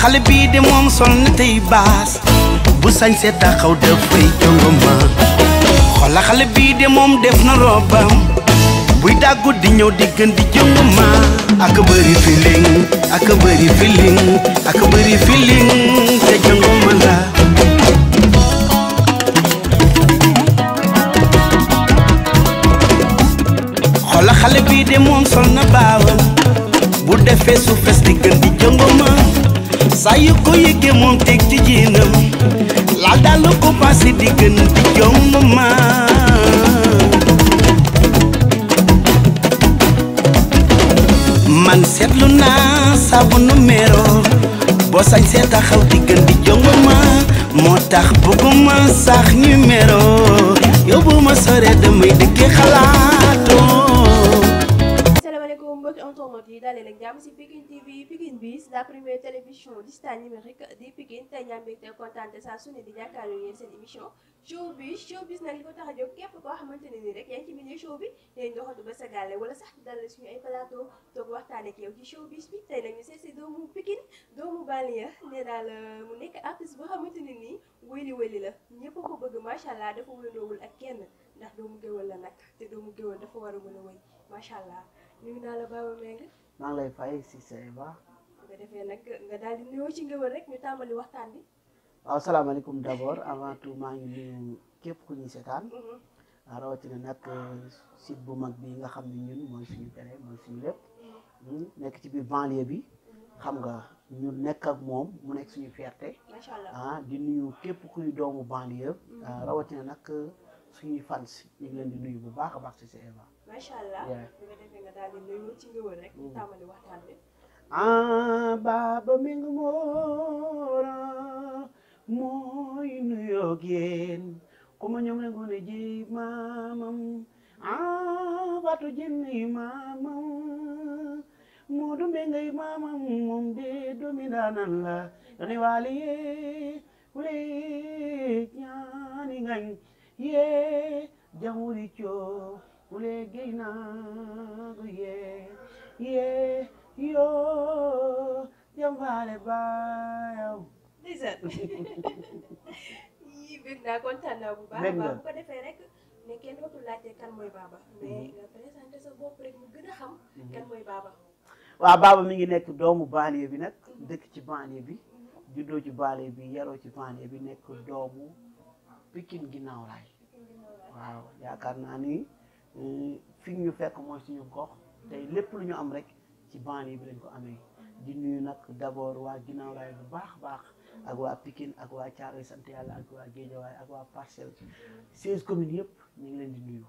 xale bi de mom sol na tey baas bu sañ sé taxaw fay jongoma xala xale bi de mom def na robam buy dàggu di ñew di gën di jongoma ak bari feeling ak bari feeling ak bari feeling te jongoma la xala xale bi de mom sol na baawam bu defé su fes di gën di jongoma saa ko yëgee moom teg ci jiinam laal daal ko passé di gën di jom ma man seetlu naa saabu numéro boo sañ see taxaw di gën di jom ma moo tax bëgguma sax numéro yóbbu sore damay dëkkee xalaat yi dalee nag jàmm si Pikine TV Pikine Bis la première télévision digitale numérique di Pikine tey ñaam mbégte te saa su ne di jàkkaarloo yéen seen émission showbiz showbiz nag li ko tax a jóg képp koo xamante ne ni rek yaa ngi ci milieu show bi dañ doxantu ba sa gàlle wala sax di dalal suñu bi tey nag ñu seet si doomu Pikine doomu Banlieue ne daal mu nekk artiste boo xamante ne nii wéli wéli la ñëpp ko bëgg macha allah dafa wéndoowul ak kenn ndax doomu géwél la nag te doomu géwél dafa war a mën a wéy macha allah ñu ngi maa ngi lay fay Cissé Ba. nga defee nag nga daal di nuyoo ci ngëwal rek ñu tàmbali waxtaan bi. waaw salaamaaleykum d' abord avant tout maa ngi nuyu képp ku ñu seetaan. Mm-hmm. Ah, rawatina nag euh, site bu mag bi nga xam ni ñun mooy suñu tere mooy suñu lépp. Mm-hmm. Mm, nekk ci biir banlieue bi. Mm-hmm. xam nga ñu nekk ak moom mu nekk suñu fierté. macha allah ah di nuyu képp kuy doomu banlieue. Ah, rawatina nag. Euh, suñuy fans ñu ngi leen nuyu bu baax a baax ci si Eva. macha allah bu nga defee nga daal di nuyu ci ngëwal rek. Mm. tàmbali waxtaan bi. ah baaba mi ngi moora mooy nuyoo géen kuma ñoom la ngoone ji maamam ah baatu jenni maamam moo du mbengay maamam moom de doomi daanan la ñaani ngañ ye jamhuri cho kule gaynaagu naa kontaan naa bu baax a baax bu ko defee rek mm-hmm. mm-hmm. mi ngi nekk doomu banlieue bi nag mm-hmm. dëkk ci banlieue bi juddoo ci banlieue bi yaroo bi nekk doomu Pikine ginnaaw laay waaw yaakaar naa ni eh, fi ñu fekk mooy suñu gox mm-hmm. tey lépp lu ñu am rek ci banlieue bi lañ ko amee mm-hmm. di nuyu nag d'abord waa ginnaaw laay bu baax baax mm-hmm. ak waa Pikine ak waa Thiaroye sant yàlla ak waa Guédiawaye ak waa Parcelles seize communes yëpp ñu ngi leen di nuyu